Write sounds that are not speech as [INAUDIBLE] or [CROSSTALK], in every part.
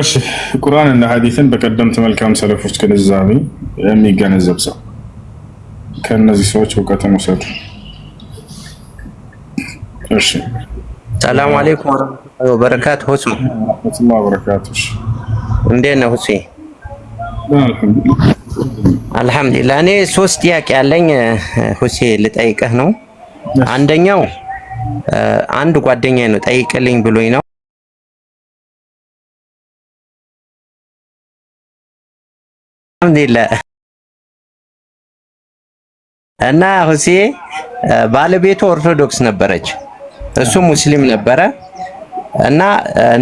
እሺ ቁርአን እና ሐዲስን በቀደምት መልካም ሰለፎች ግንዛቤ የሚገነዘብ ሰው ከነዚህ ሰዎች እውቀትን ውሰዱ። እሺ ሰላም አለይኩም ወራህመቱላሂ ወበረካቱ። ሁሱ ወረህመቱላሂ ወበረካቱ። እንዴት ነው ሁሴ? አልሐምዱሊላህ። እኔ ሶስት ጥያቄ ያለኝ ሁሴ ልጠይቅህ ነው። አንደኛው አንድ ጓደኛዬ ነው ጠይቅልኝ ብሎኝ ነው አልሐምዱሊላ እና ሁሴ ባለቤቱ ኦርቶዶክስ ነበረች፣ እሱ ሙስሊም ነበረ እና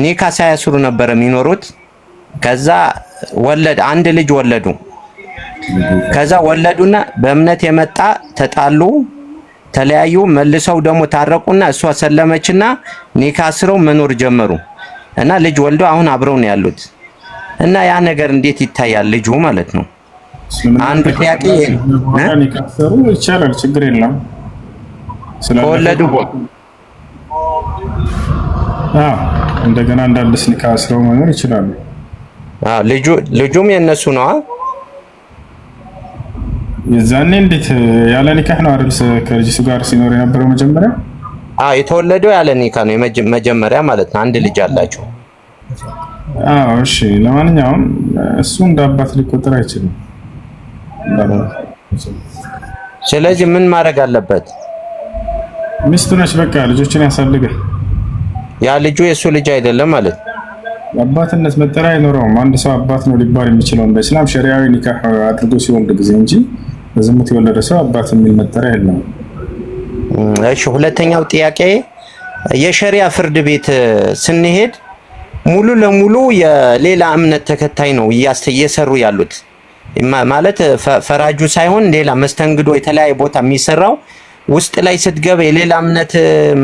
ኒካ ሳያስሩ ነበረ የሚኖሩት። ከዛ ወለድ አንድ ልጅ ወለዱ። ከዛ ወለዱና በእምነት የመጣ ተጣሉ፣ ተለያዩ። መልሰው ደግሞ ታረቁና እሷ ሰለመችና ኒካ አስረው መኖር ጀመሩ እና ልጅ ወልደው አሁን አብረው ነው ያሉት። እና ያ ነገር እንዴት ይታያል ልጁ ማለት ነው። አንዱ ጥያቄ ይቻላል፣ ችግር የለም ከወለዱ እንደገና እንዳልስ ኒካ አስረው መኖር ይችላሉ። ልጁም የእነሱ ነዋ። የዛኔ እንዴት ያለ ኒካህ ነው አይደል? ከልጅሱ ጋር ሲኖር የነበረው መጀመሪያ የተወለደው ያለ ኒካ ነው መጀመሪያ ማለት ነው። አንድ ልጅ አላቸው እሺ ለማንኛውም እሱ እንደ አባት ሊቆጠር አይችልም። ስለዚህ ምን ማድረግ አለበት? ሚስቱ ነች፣ በቃ ልጆችን ያሳድጋል። ያ ልጁ የእሱ ልጅ አይደለም ማለት አባትነት መጠሪያ አይኖረውም። አንድ ሰው አባት ነው ሊባል የሚችለው በእስላም ሸሪያዊ ኒካህ አድርጎ ሲወልድ ጊዜ እንጂ በዝሙት የወለደ ሰው አባት የሚል መጠሪያ የለውም። እሺ፣ ሁለተኛው ጥያቄ የሸሪያ ፍርድ ቤት ስንሄድ ሙሉ ለሙሉ የሌላ እምነት ተከታይ ነው እየሰሩ ያሉት። ማለት ፈራጁ ሳይሆን ሌላ መስተንግዶ የተለያየ ቦታ የሚሰራው ውስጥ ላይ ስትገባ የሌላ እምነት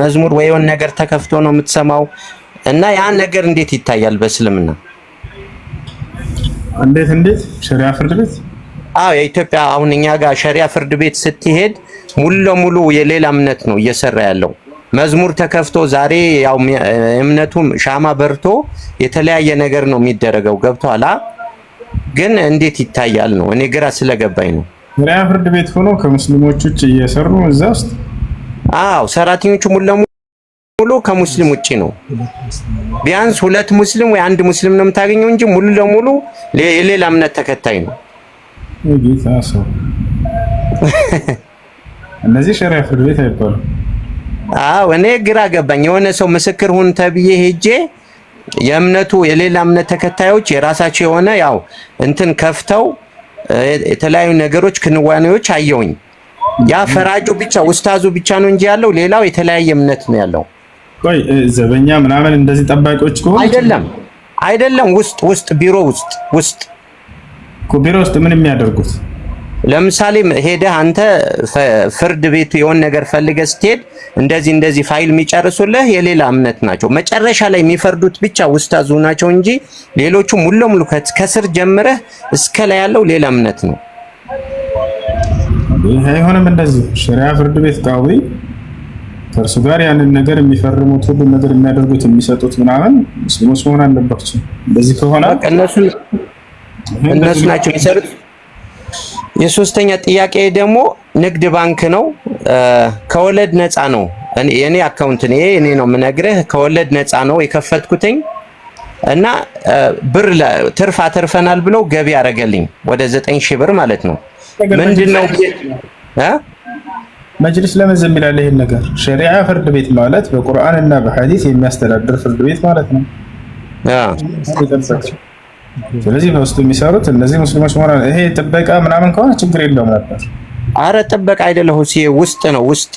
መዝሙር ወይ የሆነ ነገር ተከፍቶ ነው የምትሰማው። እና ያ ነገር እንዴት ይታያል በእስልምና? እንዴት እንዴት ሸሪያ ፍርድ ቤት? አዎ የኢትዮጵያ አሁን እኛ ጋር ሸሪያ ፍርድ ቤት ስትሄድ ሙሉ ለሙሉ የሌላ እምነት ነው እየሰራ ያለው መዝሙር ተከፍቶ ዛሬ ያው እምነቱም ሻማ በርቶ የተለያየ ነገር ነው የሚደረገው። ገብቷላ። ግን እንዴት ይታያል ነው እኔ ግራ ስለገባኝ ነው። ሪያ ፍርድ ቤት ሆኖ ከሙስሊሞች ውጭ እየሰሩ እዛ ውስጥ አዎ፣ ሰራተኞቹ ሙሉ ለሙሉ ከሙስሊም ውጭ ነው። ቢያንስ ሁለት ሙስሊም ወይ አንድ ሙስሊም ነው የምታገኘው እንጂ ሙሉ ለሙሉ የሌላ እምነት ተከታይ ነው። [LAUGHS] እነዚህ ሸሪያ ፍርድ ቤት አይባሉም። አዎ እኔ ግራ ገባኝ። የሆነ ሰው ምስክር ሁን ተብዬ ሄጄ የእምነቱ የሌላ እምነት ተከታዮች የራሳቸው የሆነ ያው እንትን ከፍተው የተለያዩ ነገሮች ክንዋኔዎች አየውኝ። ያ ፈራጁ ብቻ ውስታዙ ብቻ ነው እንጂ ያለው ሌላው የተለያየ እምነት ነው ያለው። ቆይ ዘበኛ ምናምን እንደዚህ ጠባቂዎች ከሆኑ አይደለም አይደለም፣ ውስጥ ውስጥ ቢሮ ውስጥ ውስጥ ቢሮ ውስጥ ምን የሚያደርጉት ለምሳሌ ሄደህ አንተ ፍርድ ቤት የሆን ነገር ፈልገህ ስትሄድ እንደዚህ እንደዚህ ፋይል የሚጨርሱልህ የሌላ እምነት ናቸው። መጨረሻ ላይ የሚፈርዱት ብቻ ውስታዙ ናቸው እንጂ ሌሎቹ ሙሉ ለሙሉ ከስር ጀምረህ እስከ ላይ ያለው ሌላ እምነት ነው። ይህ አይሆንም። እንደዚህ ሸሪያ ፍርድ ቤት ቃዊ ከእርሱ ጋር ያንን ነገር የሚፈርሙት ሁሉ ነገር የሚያደርጉት የሚሰጡት ምናምን ሙስሊሞች መሆን አለባቸው። እንደዚህ ከሆነ እነሱ ናቸው የሚሰሩት የሶስተኛ ጥያቄ ደግሞ ንግድ ባንክ ነው። ከወለድ ነፃ ነው። የኔ አካውንት ነው፣ እኔ ነው የምነግርህ። ከወለድ ነፃ ነው የከፈትኩትኝ እና ብር ትርፍ አተርፈናል ብለው ገቢ አደረገልኝ ወደ ዘጠኝ ሺህ ብር ማለት ነው። ምንድነው መጅልስ ለምን ዝም ይላል? ይሄን ነገር ሸሪዓ ፍርድ ቤት ማለት በቁርአን እና በሐዲስ የሚያስተዳድር ፍርድ ቤት ማለት ነው። ስለዚህ በውስጡ የሚሰሩት እነዚህ ሙስሊሞች ሆነ ይሄ ጥበቃ ምናምን ከሆነ ችግር የለውም ነበር። አረ ጥበቃ አይደለ ውስጥ ነው ውስጥ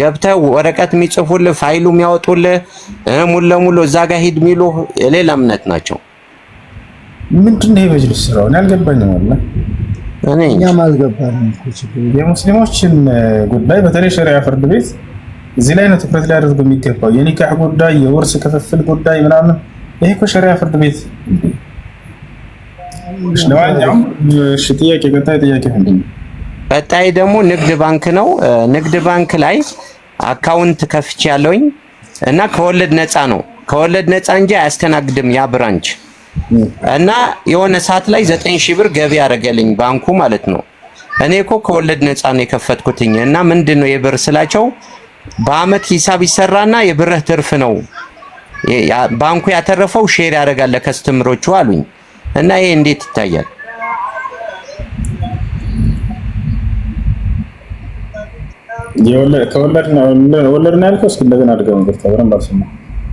ገብተህ ወረቀት የሚጽፉልህ ፋይሉ የሚያወጡልህ ሙሉ ለሙሉ እዛ ጋር ሂድ የሚሉ የሌላ እምነት ናቸው። ምንድን ነው የመጅልስ ስራው? እኔ አልገባኝም። አለ እኛም አልገባንም። የሙስሊሞችን ጉዳይ በተለይ ሸሪያ ፍርድ ቤት እዚህ ላይ ነው ትኩረት ሊያደርጉ የሚገባው። የኒካህ ጉዳይ፣ የውርስ ክፍፍል ጉዳይ ምናምን ይሄ እኮ ሸሪያ ፍርድ ቤት ለማንኛውም ጥያቄ ቀጣይ ጥያቄ ቀጣይ ደግሞ ንግድ ባንክ ነው። ንግድ ባንክ ላይ አካውንት ከፍቼ ያለውኝ እና ከወለድ ነፃ ነው። ከወለድ ነፃ እንጂ አያስተናግድም ያ ብራንች እና የሆነ ሰዓት ላይ ዘጠኝ ሺህ ብር ገቢ ያደረገልኝ ባንኩ ማለት ነው። እኔ እኮ ከወለድ ነፃ ነው የከፈትኩትኝ እና ምንድን ነው የብር ስላቸው በአመት ሂሳብ ይሰራና የብርህ ትርፍ ነው ባንኩ ያተረፈው ሼር ያደርጋል ለከስተምሮቹ አሉኝ። እና ይሄ እንዴት ይታያል?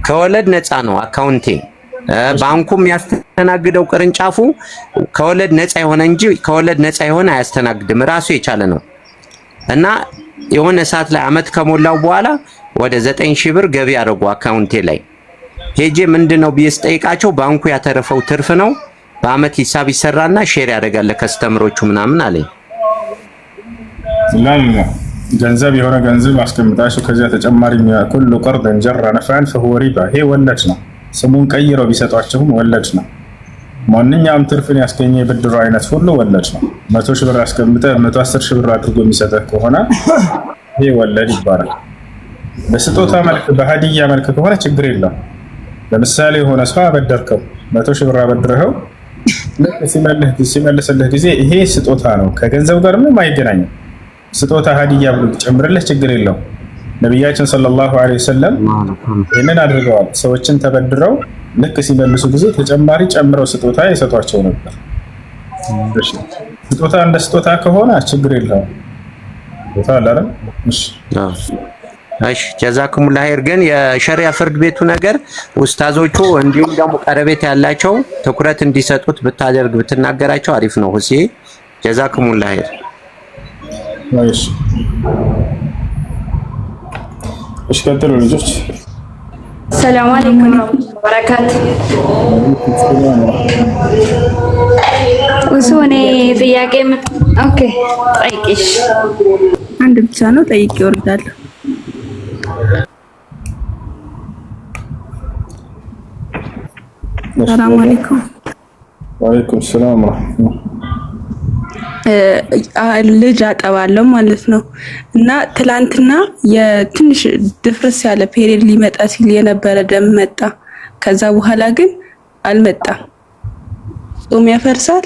ከወለድ ነፃ ነው አካውንቴ። ባንኩ የሚያስተናግደው ቅርንጫፉ ከወለድ ነፃ የሆነ እንጂ ከወለድ ነፃ የሆነ አያስተናግድም። ራሱ የቻለ ነው እና የሆነ ሰዓት ላይ አመት ከሞላው በኋላ ወደ ዘጠኝ ሺህ ብር ገቢ አድርጉ አካውንቴ ላይ ሄጄ ምንድን ነው ብዬ ስጠይቃቸው ባንኩ ያተረፈው ትርፍ ነው በአመት ሂሳብ ይሰራና ሼር ያደርጋል ለከስተምሮቹ ምናምን አለኝ። ገንዘብ የሆነ ገንዘብ አስቀምጣችሁ ከዚያ ተጨማሪ ኩሉ ቀርደን ጀራ ነፍዐን ፈሁወ ሪባ። ይሄ ወለድ ነው። ስሙን ቀይረው ቢሰጧችሁም ወለድ ነው። ማንኛውም ትርፍን ያስገኘ የብድሩ አይነት ሁሉ ወለድ ነው። መቶ ሺህ ብር አስቀምጠ መቶ አስር ሺህ ብር አድርጎ የሚሰጠ ከሆነ ይሄ ወለድ ይባላል። በስጦታ መልክ በሀዲያ መልክ ከሆነ ችግር የለም። ለምሳሌ የሆነ ሰው አበደርከው መቶ ሺህ ብር አበድረኸው ሲመልስልህ ጊዜ ይሄ ስጦታ ነው፣ ከገንዘብ ጋር ምንም አይገናኝም። ስጦታ ሀዲያ ብሎ ጨምርለህ ችግር የለው። ነቢያችን ሰለላሁ ዐለይሂ ወሰለም ይህንን አድርገዋል። ሰዎችን ተበድረው ልክ ሲመልሱ ጊዜ ተጨማሪ ጨምረው ስጦታ የሰጧቸው ነበር። ስጦታ እንደ ስጦታ ከሆነ ችግር የለውም። ቦታ አላለም እሺ ጀዛኩም ኸይር። ግን የሸሪያ ፍርድ ቤቱ ነገር ኡስታዞቹ እንዲሁም ደግሞ ቀረቤት ያላቸው ትኩረት እንዲሰጡት ብታደርግ ብትናገራቸው አሪፍ ነው። ሁሴ ጀዛኩም ኸይር። እሺ እሺ፣ ቀጥሉ ልጆች። ሰላም አለይኩም ወበረካቱ። እሱ እኔ ጥያቄ ኦኬ፣ ጠይቂሽ አንድ ብቻ ነው ጠይቄ እወርዳለሁ ሰላም አለይኩም። ወአለይኩም ሰላም ወራህመቱላህ። ልጅ አጠባለሁ ማለት ነው እና ትላንትና የትንሽ ድፍርስ ያለ ፔሬድ ሊመጣ ሲል የነበረ ደም መጣ። ከዛ በኋላ ግን አልመጣም። ጾም ያፈርሳል?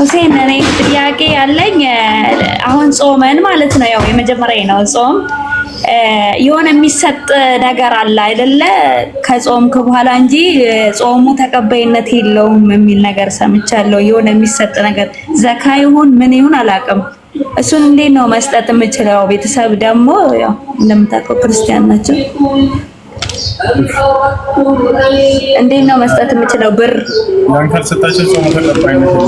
ሁሴን እኔ ጥያቄ ያለኝ አሁን ጾመን ማለት ነው፣ ያው የመጀመሪያ ነው ጾም የሆነ የሚሰጥ ነገር አለ አይደለ? ከጾምክ በኋላ እንጂ ጾሙ ተቀባይነት የለውም የሚል ነገር ሰምቻለሁ። የሆነ የሚሰጥ ነገር ዘካ ይሁን ምን ይሁን አላውቅም። እሱን እንዴት ነው መስጠት የምችለው? ቤተሰብ ደግሞ ያው እንደምታውቀው ክርስቲያን ናቸው። እንዴት ነው መስጠት የምችለው? ብር ያን ካልሰጣቸው ጾሙ ተቀባይነት ነው።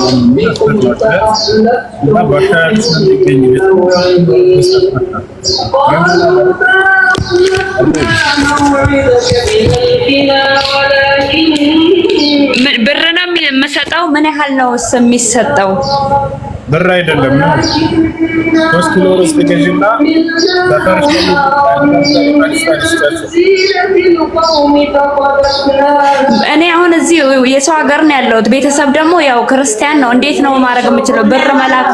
ብር ነው የምሰጠው። ምን ያህል ነው የሚሰጠው? ብር አይደለም ነው። ሶስት ኪሎ ሩዝ ትገዢና እኔ አሁን እዚህ የሰው ሀገር ነው ያለሁት። ቤተሰብ ደግሞ ያው ክርስቲያን ነው። እንዴት ነው ማድረግ የምችለው? ብር መላክ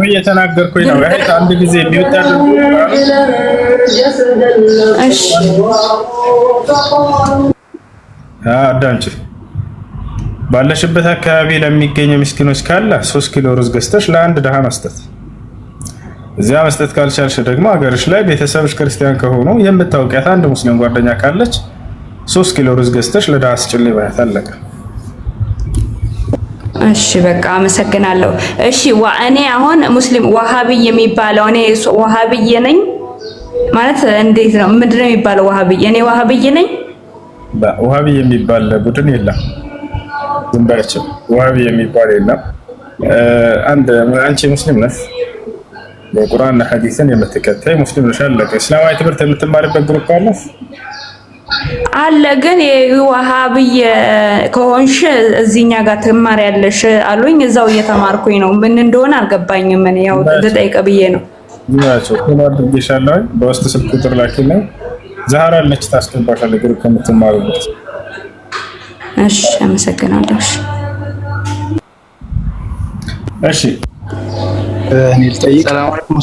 ወይ የተናገርኩኝ ነው። ያው አንድ ጊዜ የሚወጣ እሺ፣ አዳምጪ ባለሽበት አካባቢ ለሚገኘ ምስኪኖች ካለ ሶስት ኪሎ ሩዝ ገዝተሽ ለአንድ ድሃ መስጠት። እዚያ መስጠት ካልቻልሽ ደግሞ ሀገርሽ ላይ ቤተሰብሽ ክርስቲያን ከሆኑ የምታውቂያት አንድ ሙስሊም ጓደኛ ካለች ሶስት ኪሎ ሩዝ ገዝተሽ ለድሃ ስጭል ማለት አለቀ። እሺ በቃ አመሰግናለሁ። እሺ እኔ አሁን ሙስሊም ዋሃብይ የሚባለው እኔ ዋሃብይ ነኝ ማለት እንዴት ነው? ምንድነው የሚባለው? ዋሃብይ እኔ ዋሃብይ ነኝ። ዋሃብይ የሚባል ቡድን የለም። ዝም በያቸው። የሚባል የለም። አንድ አንቺ ሙስሊም ነህ፣ የቁርአንና ሐዲስን የምትከተይ ሙስሊም ነሽ። አለቀ። እስላማዊ ትምህርት የምትማርበት ግሩፕ አለ አለ። ግን የዋሃቢ ከሆንሽ እዚህኛ ጋር ያለሽ አሉኝ። እዛው እየተማርኩኝ ነው። ምን እንደሆነ አልገባኝም። ምን ያው ልጠይቅ ብዬ ነው። ናቸው አድርጌሻለሁ። በውስጥ ስልክ ቁጥር ላኪ ነው። ዛህራ አለች ታስገባሻለች፣ ግሩፕ ከምትማሩበት እሺ፣ አመሰግናለሁ። እሺ፣ እኔ ልጠይቅ። ሰላም አለይኩም።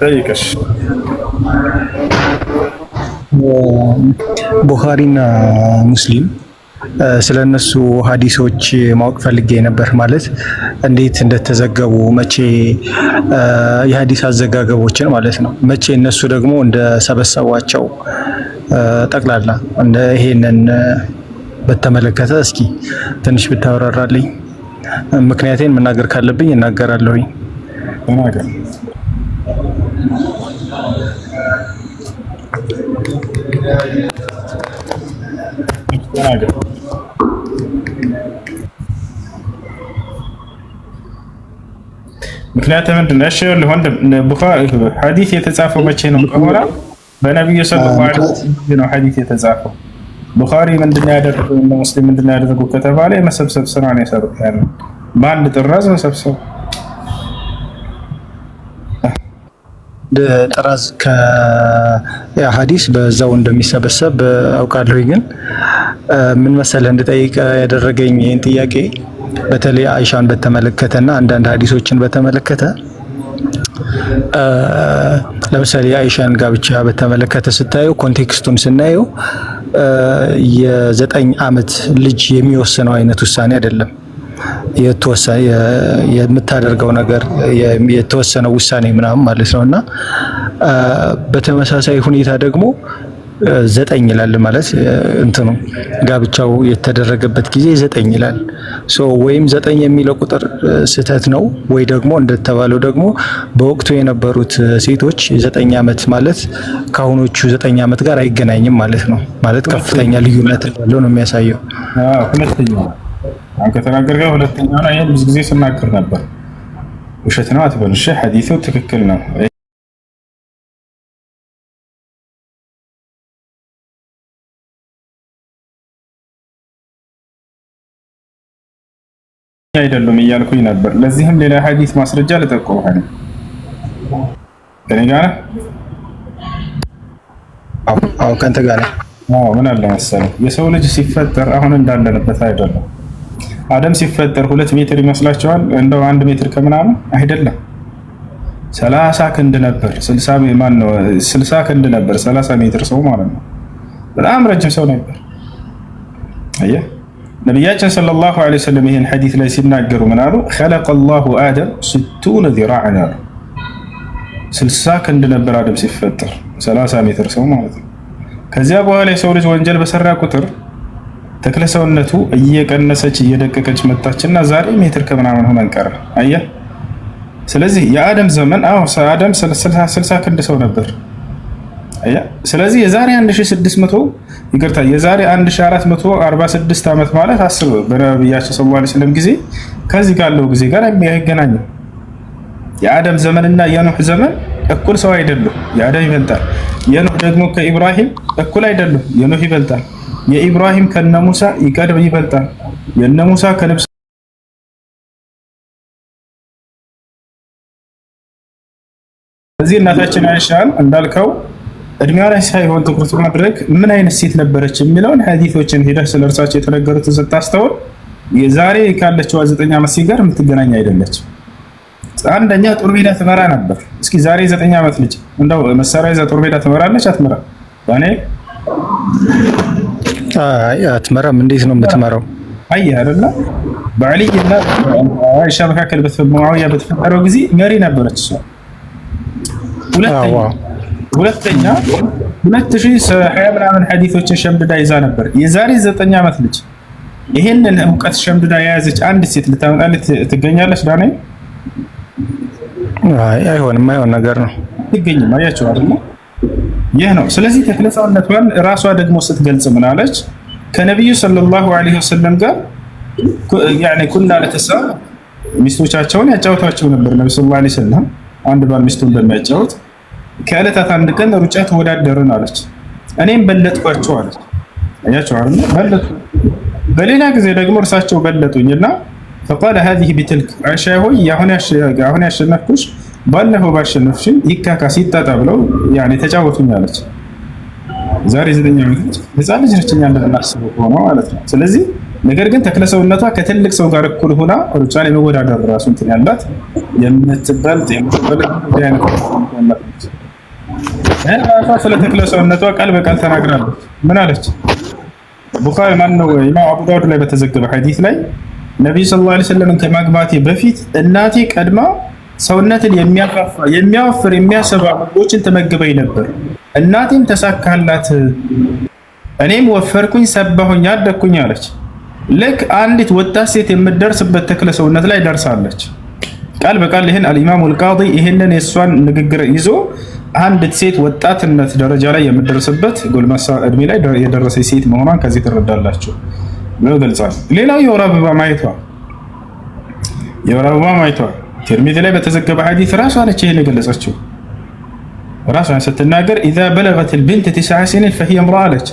ጠይቀሽ ቡኻሪና ሙስሊም ስለነሱ ሀዲሶች ማወቅ ፈልጌ ነበር። ማለት እንዴት እንደተዘገቡ መቼ የሀዲስ አዘጋገቦችን ማለት ነው። መቼ እነሱ ደግሞ እንደሰበሰቧቸው ጠቅላላ ይሄንን በተመለከተ እስኪ ትንሽ ብታብራራልኝ። ምክንያቴን መናገር ካለብኝ እናገራለሁ። ምክንያት ምንድን ነው? እሺ ወንድም ሐዲስ የተጻፈው መቼ ነው? በነቢዩ ሰለላሁ ዐለይሂ ወሰለም ነው ሐዲስ የተጻፈው ቡኻሪ ምንድነው ያደረገው እና ሙስሊም ምንድነው ያደረገው ከተባለ የመሰብሰብ ስራን የሰሩት ያለ በአንድ ጥራዝ መሰብሰብ ጥራዝ ከሀዲስ በዛው እንደሚሰበሰብ አውቃለሁ። ግን ምን መሰለ እንድጠይቅ ያደረገኝ ይህን ጥያቄ በተለይ አይሻን በተመለከተ እና አንዳንድ ሀዲሶችን በተመለከተ ለምሳሌ የአይሻን ጋብቻ በተመለከተ ስታየው ኮንቴክስቱን ስናየው የዘጠኝ አመት ልጅ የሚወስነው አይነት ውሳኔ አይደለም። የምታደርገው ነገር የተወሰነው ውሳኔ ምናምን ማለት ነው እና በተመሳሳይ ሁኔታ ደግሞ ዘጠኝ ይላል ማለት እንትኑ ጋብቻው የተደረገበት ጊዜ ዘጠኝ ይላል። ሶ ወይም ዘጠኝ የሚለው ቁጥር ስህተት ነው ወይ ደግሞ እንደተባለው ደግሞ በወቅቱ የነበሩት ሴቶች ዘጠኝ ዓመት ማለት ከአሁኖቹ ዘጠኝ ዓመት ጋር አይገናኝም ማለት ነው። ማለት ከፍተኛ ልዩነት እንዳለው ነው የሚያሳየው። ሁለተኛው ከተናገርከው ሁለተኛውን ብዙ ጊዜ ስናገር ነበር። ውሸት ነው አትበልሽ። ሐዲሱ ትክክል ነው። አይደሉም እያልኩኝ ነበር። ለዚህም ሌላ ሀዲስ ማስረጃ ልጠቁመሃል። ከኔ ጋር ከንተ ጋር ምን አለ መሰለህ የሰው ልጅ ሲፈጠር አሁን እንዳለንበት አይደለም። አደም ሲፈጠር ሁለት ሜትር ይመስላችኋል? እንደው አንድ ሜትር ከምናምን አይደለም። ሰላሳ ክንድ ነበር። ስልሳ ክንድ ነበር። ሰላሳ ሜትር ሰው ማለት ነው። በጣም ረጅም ሰው ነበር። አየህ ነቢያችን ሰለላሁ ዐለይሂ ወሰለም ይህን ሐዲስ ላይ ሲናገሩ ምን አሉ? ኸለቀ ላሁ አደም ስቱነ ዚራዕን አሉ። ስልሳ ክንድ ነበር አደም ሲፈጠር፣ 30 ሜትር ሰው ማለት ነው። ከዚያ በኋላ የሰው ልጅ ወንጀል በሰራ ቁጥር ተክለ ሰውነቱ እየቀነሰች እየደቀቀች መጣችና ዛሬ ሜትር ከምናምን ሆነን ቀረ። አየህ። ስለዚህ የአደም ዘመን አዎ፣ አደም ስልሳ ክንድ ሰው ነበር። ስለዚህ የዛሬ 1600 ይቅርታ የዛሬ 1446 ዓመት ማለት አስብ በነብያችን ሰለላሁ ዐለይሂ ወሰለም ጊዜ ከዚህ ካለው ጊዜ ጋር አይገናኝም። የአደም ዘመንና የኑህ ዘመን እኩል ሰው አይደሉም። የአደም ይበልጣል። የኑህ ደግሞ ከኢብራሂም እኩል አይደሉም። የኑህ ይበልጣል። የኢብራሂም ከነ ሙሳ ይቀድም ይበልጣል። የነ ሙሳ ከነብስ እዚህ እናታችን አይሻን እንዳልከው እድሜዋ ላይ ሳይሆን ትኩረት ማድረግ ምን አይነት ሴት ነበረች የሚለውን ሀዲቶችን ሄደህ ስለ እርሳቸው የተነገሩትን ስታስተውል የዛሬ ካለችዋ ዘጠኝ ዓመት ሴት ጋር የምትገናኝ አይደለች። አንደኛ ጦር ሜዳ ትመራ ነበር። እስኪ ዛሬ ዘጠኝ ዓመት ልጅ እንደው መሳሪያ ይዛ ጦር ሜዳ ትመራለች? አትመራ። አትመራም። እንዴት ነው የምትመራው? አየህ አይደለ? በዐሊይና አይሻ መካከል ሙዓዊያ በተፈጠረው ጊዜ መሪ ነበረች እሷ። ሁለተኛ ሁለተኛ ሁለት ሺህ ሀያ ምናምን ሀዲቶችን ሸምድዳ ይዛ ነበር። የዛሬ ዘጠኝ ዓመት ልጅ ይሄንን እውቀት ሸምድዳ የያዘች አንድ ሴት ልታመጣልህ ትገኛለች? ዳ አይሆንም፣ አይሆን ነገር ነው። ትገኝም አያቸው አይደለ? ይህ ነው። ስለዚህ ተክለጻውነቷን ራሷ ደግሞ ስትገልጽ ምናለች? ከነቢዩ ሰለላሁ ዐለይሂ ወሰለም ጋር ኩና ለተሳ ሚስቶቻቸውን ያጫወቷቸው ነበር። ነቢ ስ ላ ሰለም አንድ ባል ሚስቱን በሚያጫወት ከእለታት አንድ ቀን ሩጫ ተወዳደርን አለች። እኔም በለጥኳቸው አለች። አያቸው አ በለጡ። በሌላ ጊዜ ደግሞ እርሳቸው በለጡኝ እና ፈቃለ ሀዚህ ቢትልክ አሻ ሆይ አሁን ያሸነፍኩሽ ባለፈው ባሸነፍሽን ይካካ ሲጣጣ ብለው ተጫወቱኝ አለች። ዛሬ ዘጠኝ ዓመት ህፃን ልጅ ነች፣ እኛ እንደምናስበው ከሆነ ማለት ነው። ስለዚህ ነገር ግን ተክለሰውነቷ ከትልቅ ሰው ጋር እኩል ሆና ሩጫን የመወዳደር ራሱ እንትን ያላት የምትበልጥ የምትበልጥ ጉዳይ ራሷ ስለ ተክለ ሰውነቷ ቃል በቃል ተናግራለች። ምን አለች? ቡኻሪ ማን ነው ኢማም አቡ ዳውድ ላይ በተዘገበ ሐዲስ ላይ ነቢዩ ሰለላሁ ዐለይሂ ወሰለም ከማግባቴ በፊት እናቴ ቀድማ ሰውነትን የሚያፋፋ የሚያወፍር የሚያሰባ ምግቦችን ተመግበኝ ነበር። እናቴም ተሳካላት፣ እኔም ወፈርኩኝ፣ ሰባሁኝ፣ አደግኩኝ አለች። ልክ አንዲት ወጣት ሴት የምትደርስበት ተክለ ሰውነት ላይ ደርሳለች። ቃል በቃል ይህን አልኢማሙ አልቃዲ ይህንን የእሷን ንግግር ይዞ አንዲት ሴት ወጣትነት ደረጃ ላይ የምደርስበት ጎልማሳ እድሜ ላይ የደረሰች ሴት መሆኗን ከዚህ ትረዳላችሁ ብለው ገልጿል። ሌላው የወር አበባ ማየቷ የወር አበባ ማየቷ ላይ በተዘገበ ሐዲስ ራሷ ነች ይህን የገለጸችው። ራሷን ስትናገር ኢዛ በለገት ልብንት ቲስዓ ሲኒን ፈሂ እምራ አለች።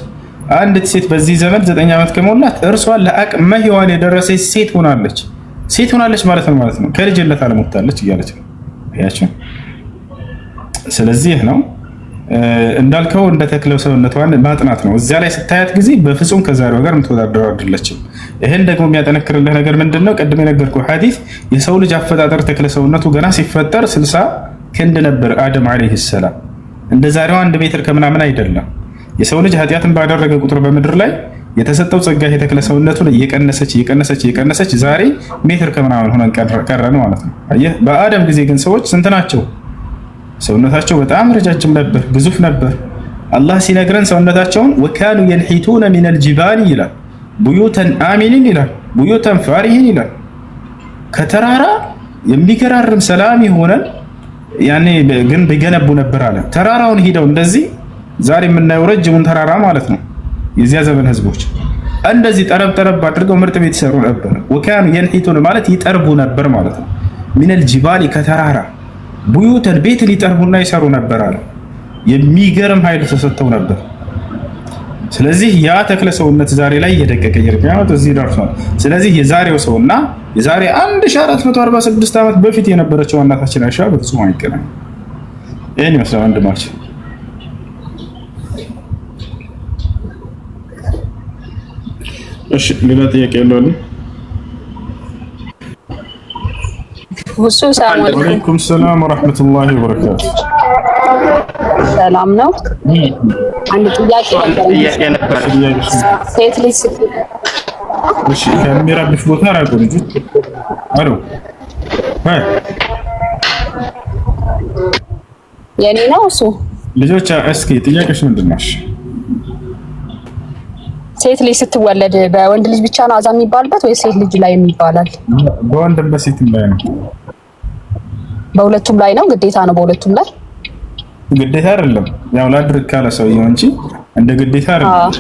አንዲት ሴት በዚህ ዘመን ዘጠኝ ዓመት ከሞላት እርሷን ለአቅመ ሔዋን የደረሰች ሴት ሆናለች። ሴት ሆናለች ማለት ነው ማለት ነው። ከልጅነት አለሞታለች እያለች ነው ያቸው ስለዚህ ነው እንዳልከው እንደ ተክለው ሰውነቷን ማጥናት ነው። እዚያ ላይ ስታያት ጊዜ በፍጹም ከዛሬው ጋር የምትወዳደረው አይደለችም። ይህን ደግሞ የሚያጠነክርልህ ነገር ምንድን ነው? ቅድም የነገርኩ ሐዲስ የሰው ልጅ አፈጣጠር ተክለ ሰውነቱ ገና ሲፈጠር ስልሳ ክንድ ነበር አደም ዓለይሂ ሰላም። እንደ ዛሬው አንድ ሜትር ከምናምን አይደለም። የሰው ልጅ ኃጢአትን ባደረገ ቁጥር በምድር ላይ የተሰጠው ጸጋ የተክለ ሰውነቱን እየቀነሰች እየቀነሰች እየቀነሰች ዛሬ ሜትር ከምናምን ሆነን ቀረን ማለት ነው። በአደም ጊዜ ግን ሰዎች ስንት ናቸው? ሰውነታቸው በጣም ረጃጅም ነበር፣ ግዙፍ ነበር። አላህ ሲነግረን ሰውነታቸውን ወካኑ የንሒቱነ ሚነል ጅባል ይላል፣ ቡዩተን አሚኒን ይላል፣ ቡዩተን ፋሪሂን ይላል። ከተራራ የሚገራርም ሰላም የሆነን ያኔ ግን ቢገነቡ ነበር አለ። ተራራውን ሂደው እንደዚህ ዛሬ የምናየው ረጅሙን ተራራ ማለት ነው። የዚያ ዘመን ህዝቦች እንደዚህ ጠረብ ጠረብ አድርገው ምርጥ ቤት ይሰሩ ነበር። ወካኑ የንሒቱነ ማለት ይጠርቡ ነበር ማለት ነው። ሚነል ጅባል ከተራራ ቡዩተን ቤት ሊጠርቡና ይሰሩ ነበር አለ። የሚገርም ኃይል ተሰጥተው ነበር። ስለዚህ ያ ተክለ ሰውነት ዛሬ ላይ እየደቀቀ የርሚያት እዚህ ደርሷል። ስለዚህ የዛሬው ሰውና የዛሬ 1446 ዓመት በፊት የነበረችው እናታችን አይሻ በፍጹም አይገናኝ። ይህን ይመስላል ወንድማችን። እሺ ሌላ ጥያቄ ያለዋለን ወአለይኩም ሰላም ወራህመቱላሂ ወበረካቱ። ሰላም ነው። አንድ ጥያቄ ነበር። ሴት ልጅ እሺ፣ ከሚረብሽ ቦታ ራቁ እንጂ አሎ የኔ ነው እሱ። ልጆች እስኪ ጥያቄሽ ምንድን ነሽ? ሴት ልጅ ስትወለድ በወንድ ልጅ ብቻ ነው አዛ የሚባልበት ወይስ ሴት ልጅ ላይ የሚባላል? በወንድም በሴትም ላይ ነው። በሁለቱም ላይ ነው ግዴታ ነው። በሁለቱም ላይ ግዴታ አይደለም። ያው ላድርግ ካለ ሰውየው እንጂ እንደ ግዴታ አይደለም።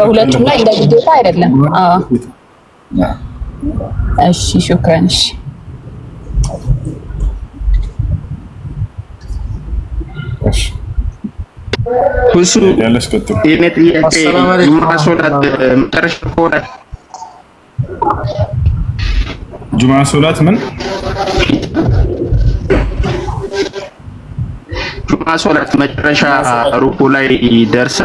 በሁለቱም ላይ እንደ ግዴታ አይደለም። እሺ፣ ሹክራን እሺ እሱ የእኔ ጥያቄ ጁምዓ ሶላት መጨረሻ ከሆነ ጁማ ሶላት ምን ማሶላት መጨረሻ ሩቁ ላይ ደርሰ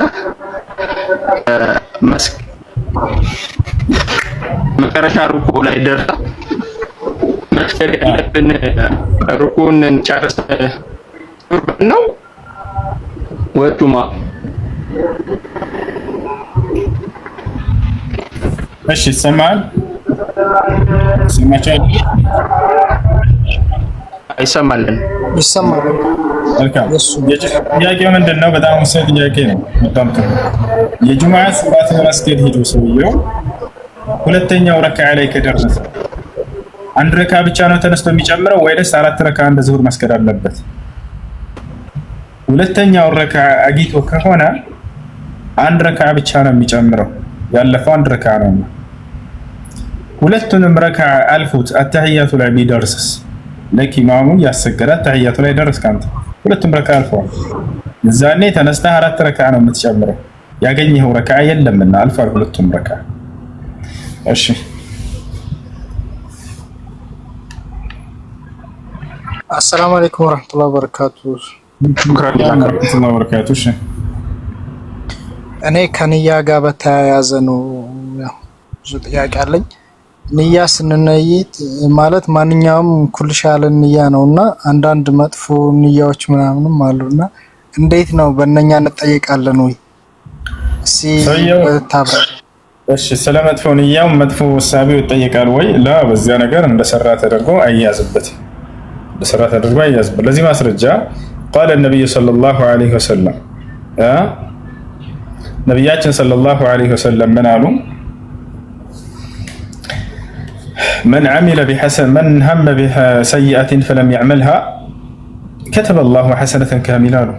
መጨረሻ ሩቁ ላይ ደርሰ መስገድ ያለብን ሩቁን ጨርሰ ቁርባን ነው ወጁማ እሺ ይሰማል። ይሰማችኋል? ይሰማልን? ይሰማልን። መልካም ምንድን ነው? በጣም ወሳኝ ጥያቄ ነው። በጣም ጥሩ። ሄዶ ሰውየው ሁለተኛው ረካ ላይ ከደረሰ አንድ ረካ ብቻ ነው ተነስቶ የሚጨምረው ወይስ አራት ረካ እንደ ዙሁር መስገድ አለበት? ሁለተኛው ረካ አጊቶ ከሆነ አንድ ረካ ብቻ ነው የሚጨምረው፣ ያለፈው አንድ ረካ ነው። ሁለቱንም ረካ አልፉት አተህያቱ ላይ ቢደርስስ ልክ ኢማሙ እያሰገዳት ተህያቱ ላይ ደረስክ አንተ። ሁለቱም ረካ አልፈዋል። እዛኔ ተነስተህ አራት ረካ ነው የምትጨምረው። ያገኘኸው ረካ የለምና አልፏል። ሁለቱም ረካ እሺ። አሰላሙ አለይኩም ወረህመቱላሂ ወበረካቱ። በረካቱ እኔ ከንያ ጋር በተያያዘ ነው ብዙ ጥያቄ አለኝ። ንያ ስንነይት ማለት ማንኛውም ኩልሻ ያለ ንያ እና አንዳንድ መጥፎ ንያዎች ምናምንም እና እንዴት ነው በእነኛ እንጠየቃለን ወይ? እሺ ስለ መጥፎ ንያው መጥፎ ወሳቢው ይጠየቃል ወይ? ላ በዚያ ነገር እንደሰራ ተደርጎ አያዝበት፣ እንደሰራ ተደርጎ አያዝበት። ለዚህ ማስረጃ ቃለ ነብዩ ሰለላሁ ዐለይሂ ወሰለም ነብያችን ሰለላሁ ዐለይሂ ወሰለም ምን አሉ? من عمل بحسن من هم سيئة فلم يعملها كتب الله حسنة كاملة له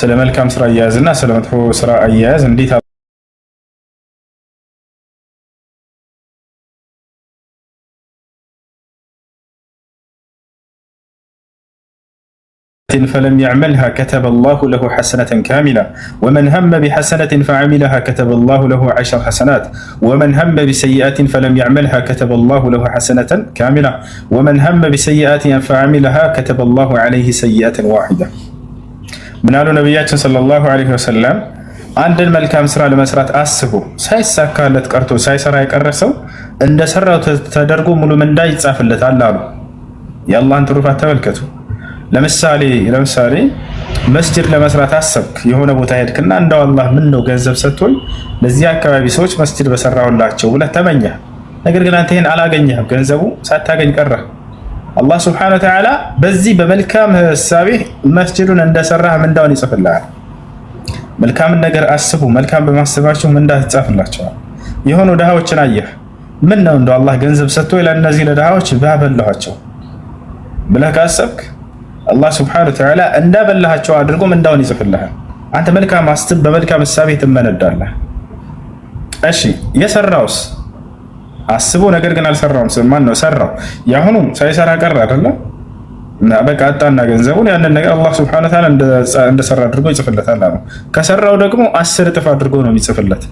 سلام መልካም ስራ አያያዝና ስለ መጥፎ ስራ فلم يعملها كتب الله له حسنة كاملة ومن هم بحسنة فعملها كتب الله له عشر حسنات ومن هم بسيئة فلم يعملها كتب الله له حسنة كاملة ومن هم بسيئة فعملها كتب الله عليه سيئة واحدة من آل نبياتنا صلى الله عليه وسلم عند አንድን መልካም ስራ ለመስራት አስቦ ሳይሳካለት ቀርቶ ሳይሰራ የቀረ ሰው እንደሰራው ተደርጎ ሙሉ الله يا الله انت رفعت ملكته ለምሳሌ ለምሳሌ መስጅድ ለመስራት አሰብክ፣ የሆነ ቦታ ሄድክና እንደው አላህ ምን ነው ገንዘብ ሰጥቶኝ ለዚህ አካባቢ ሰዎች መስጅድ በሰራሁላቸው ብለህ ተመኘህ። ነገር ግን አንተ ይህን አላገኘህም፣ ገንዘቡ ሳታገኝ ቀረህ። አላህ ስብሐነ ወተዓላ በዚህ በመልካም ህሳቤ መስጅዱን እንደሰራህ ምንዳውን ይጽፍልሃል። መልካምን ነገር አስቡ፣ መልካም በማሰባችሁ ምንዳ ትጻፍላቸዋል። የሆኑ ድሃዎችን አየህ፣ ምን ነው እንደው አላህ ገንዘብ ሰጥቶ ለእነዚህ ለድሃዎች ባበላኋቸው ብለህ ካሰብክ አላህ ስብሐነሁ ወተዓላ እንዳበላሃቸው አድርጎ ምንዳውን ይጽፍልሃል። አንተ መልካም አስብ፣ በመልካም እሳቤ ትመነዳለህ። እሺ የሰራውስ አስቦ ነገር ግን አልሰራውም። ማን ነው ሰራው? የአሁኑ ሳይሰራ ቀር አይደለ? በቃ አጣና ገንዘቡን ያንን ነገር አላህ ስብሐነሁ ወተዓላ እንደሰራ አድርጎ ይጽፍለታል። ከሰራው ደግሞ አስር እጥፍ አድርጎ ነው የሚጽፍለት።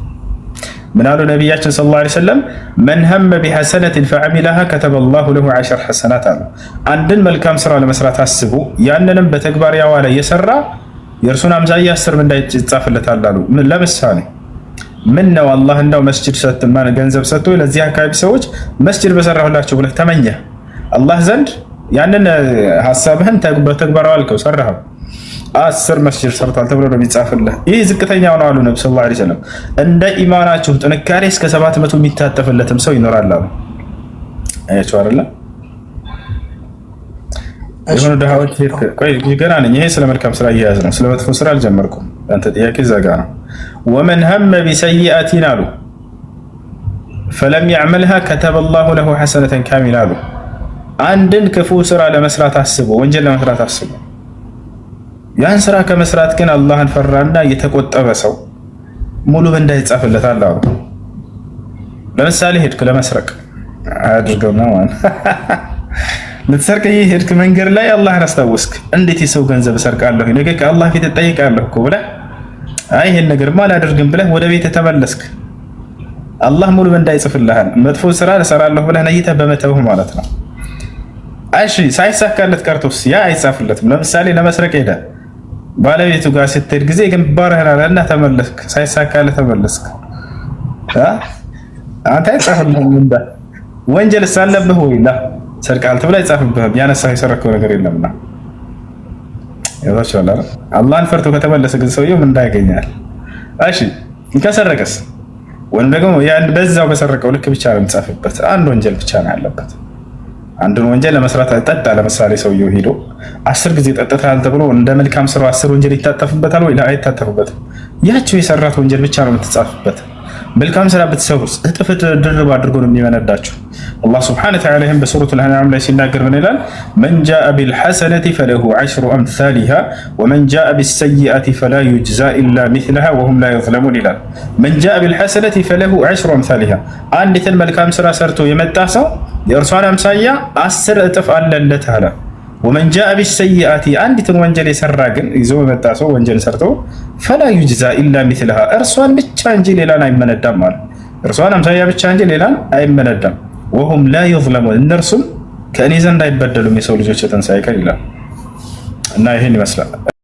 ምናሉ ነቢያችን ሰለላሁ ዓለይሂ ወሰለም መን ሀመ ቢሐሰነትን ፈዐሚለሃ ከተበላሁ ለሁ ዐሸር ሐሰናት አሉ። አንድን መልካም ስራ ለመስራት አስቡ፣ ያንንም በተግባር ያዋለ የሰራ የእርሱን አምሳያ አስር ምንዳ ይጻፍለታል አሉ። ለምሳሌ ምን ነው አላህ እንዳው መስጅድ ሰጥማ ገንዘብ ሰጥቶ ለዚህ አካባቢ ሰዎች መስጅድ በሰራሁላቸው ብለህ ተመኘህ፣ አላህ ዘንድ ያንን ሀሳብህን በተግባር አዋልከው ሰራኸው አስር መስጅድ ሰርቷል ተብሎ ነው የሚጻፍልህ። ይህ ዝቅተኛው ነው አሉ ነብ ሰለላሁ ላ ወሰለም። እንደ ኢማናችሁ ጥንካሬ እስከ ሰባት መቶ የሚታጠፍለትም ሰው ይኖራል አሉ። አያቸው አለ የሆኑ ድሃዎች ገና ነኝ። ይሄ ስለ መልካም ስራ እያያዝ ነው፣ ስለ መጥፎ ስራ አልጀመርኩም። አንተ ጥያቄ ዘጋ ነው። ወመን ሀመ ቢሰይአቲን አሉ ፈለም ያዕመልሃ ከተበ ላሁ ለሁ ሐሰነተን ካሚል አሉ። አንድን ክፉ ስራ ለመስራት አስቦ ወንጀል ለመስራት አስቦ ያን ስራ ከመስራት ግን አላህን ፈራና የተቆጠበ ሰው ሙሉ ምንዳ አለ አሉ። ለምሳሌ ሄድክ ለመስረቅ አድርገው አድርገውና [LAUGHS] ልትሰርቅ ይህ ሄድክ፣ መንገድ ላይ አላህን አስታወስክ። እንዴት የሰው ገንዘብ እሰርቃለሁ? ነገ ከአላህ ፊት እጠይቃለሁ እኮ ብለህ አይ ይሄን ነገርማ አላደርግም ብለህ ወደ ቤት ተመለስክ፣ አላህ ሙሉ ምንዳ ይጽፍልሃል። መጥፎ ስራ እሰራለሁ ብለህ ነይተህ በመተውህ ማለት ነው። እሺ ሳይሳካለት ቀርቶስ ያ አይጻፍለትም። ለምሳሌ ለመስረቅ ሄደ ባለቤቱ ጋር ስትሄድ ጊዜ ግንባርህን አለና ተመለስክ። ሳይሳካልህ ተመለስክ። አንተ አይጻፍልህም እንዳ ወንጀል ሳለብህ ላ ሰርቃል ተብላ አይጻፍብህም። ያነሳ የሰረከው ነገር የለምና ይወሻላ አላህን ፈርቶ ከተመለሰ ግን ሰውየው ምን እንዳያገኛል። እሺ ከሰረቀስ ወይም ደግሞ ያን በዛው በሰረቀው ልክ ብቻ ነው የምጻፍበት። አንድ ወንጀል ብቻ ነው ያለበት። አንድን ወንጀል ለመስራት ጠጣ። ለምሳሌ ሰውየው ሄዶ አስር ጊዜ ጠጥተሃል ተብሎ እንደ መልካም ስራው አስር ወንጀል ይታጠፍበታል ወይ? አይታጠፍበትም። ያቸው የሰራት ወንጀል ብቻ ነው የምትጻፍበት። መልካም ስራ ብትሰሩስ እጥፍ ድርብ አድርጎ ነው የሚመነዳቸው። አላህ ሱብሓነሁ ወተዓላ ይህም በሱረቱል አንዓም ላይ ሲናገር ምን ይላል? መን ጃአ ቢልሐሰነቲ ፈለሁ ዐሽሩ አምሳሊሃ ወመን ጃአ ቢሰይአቲ ፈላ ዩጅዛ ኢላ ሚስልሃ ወሁም ላ ዩዝለሙን ይላል። መን ጃአ ቢልሐሰነቲ ፈለሁ ዐሽሩ አምሳሊሃ አንዲትን መልካም ስራ ሰርቶ የመጣ ሰው የእርሷን አምሳያ አስር እጥፍ አለለት አለ ወመንጃ ጃአ ቢሰይአቲ አንዲትን ወንጀል የሰራ ግን ይዞ በመጣ ሰው ወንጀል ሰርቶ ፈላ ዩጅዛ ኢላ ሚትልሃ እርሷን ብቻ እንጂ ሌላን አይመነዳም አሉ። እርሷን አምሳያ ብቻ እንጂ ሌላን አይመነዳም። ወሁም ላ ዩዝለሙን እነርሱም ከእኔ ዘንድ አይበደሉም የሰው ልጆች የተንሳይ ቀን ይላል እና ይህን ይመስላል።